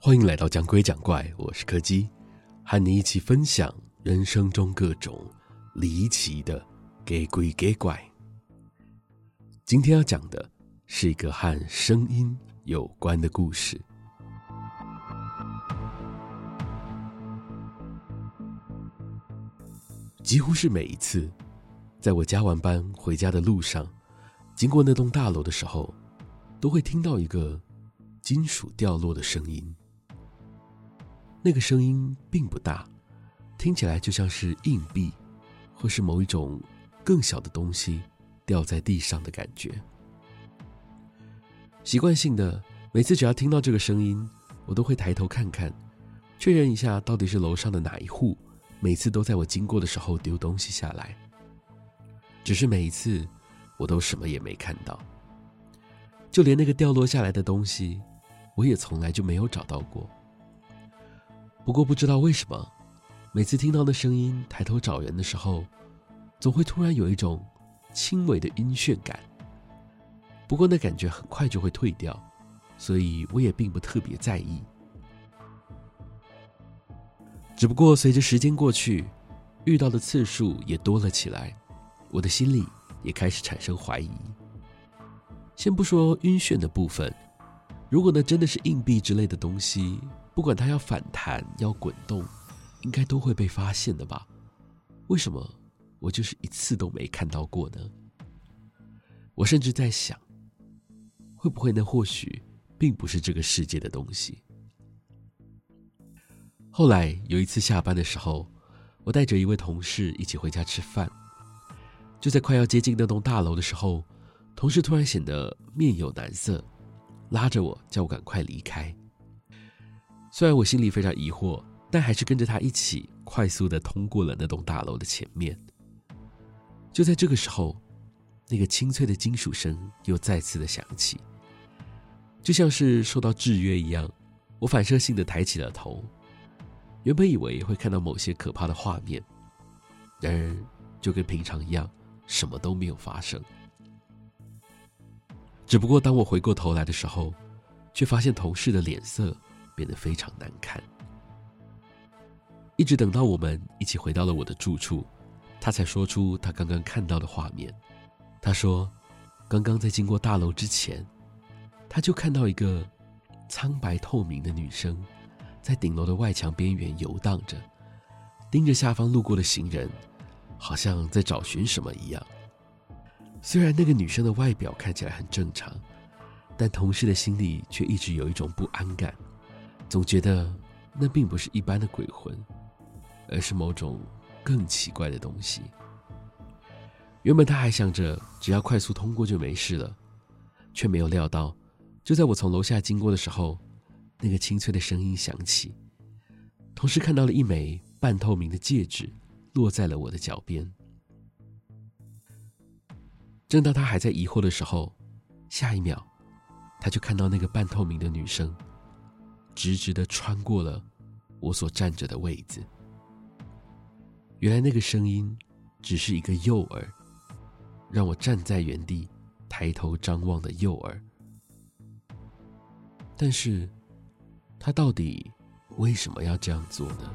歡迎來到講鬼講怪，我是柯基，和你一起分享人生中各種離奇的假鬼假怪。今天要講的是一個和聲音有關的故事。幾乎是每一次，在我加完班回家的路上，經過那棟大樓的時候，都會聽到一個金屬掉落的聲音。那個聲音並不大，聽起來就像是硬幣，或是某一種更小的東西掉在地上的感覺。習慣性的，每次只要聽到這個聲音，我都會抬頭看看，確認一下到底是樓上的哪一戶，每次都在我經過的時候丟東西下來。只是每一次，我都什麼也沒看到。就連那個掉落下來的東西，我也從來就沒有找到過。不過不知道為什麼，每次聽到那聲音、抬頭找人的時候，總會突然有一種輕微的暈眩感。不過那感覺很快就會退掉，所以我也並不特別在意。只不過隨着時間過去，遇到的次數也多了起來，我的心裡也開始產生懷疑。先不說暈眩的部分，如果那真的是硬幣之類的東西，不管它要反彈、要滾動，應該都會被發現的吧？為什麼我就是一次都沒看到過呢？我甚至在想，會不會那或許並不是這個世界的東西？後來有一次下班的時候，我帶着一位同事一起回家吃飯，就在快要接近那棟大樓的時候。同事突然顯得面有難色，拉着我叫我趕快離開。雖然我心裡非常疑惑，但還是跟着他一起快速的通過了那棟大樓的前面。就在這個時候，那個清脆的金屬聲又再次的響起，就像是受到制約一樣，我反射性的抬起了頭。原本以為會看到某些可怕的畫面，然而就跟平常一樣，什麼都沒有發生。只不過當我回過頭來的時候，卻發現同事的臉色變得非常難看。一直等到我們一起回到了我的住處，他才說出他剛剛看到的畫面。他說，剛剛在經過大樓之前，他就看到一個蒼白透明的女生，在頂樓的外牆邊緣遊蕩着，盯着下方路過的行人，好像在找尋什麼一樣。雖然那個女生的外表看起來很正常，但同事的心裡卻一直有一種不安感，總覺得那並不是一般的鬼魂，而是某種更奇怪的東西。原本他還想着只要快速通過就沒事了，卻沒有料到，就在我從樓下經過的時候，那個清脆的聲音響起，同時看到了一枚半透明的戒指落在了我的腳邊。正當他還在疑惑的時候，下一秒，他就看到那個半透明的女生，直直的穿過了我所站着的位置。原來那個聲音只是一個誘餌，讓我站在原地抬頭張望的誘餌。但是，他到底為什麼要這樣做呢？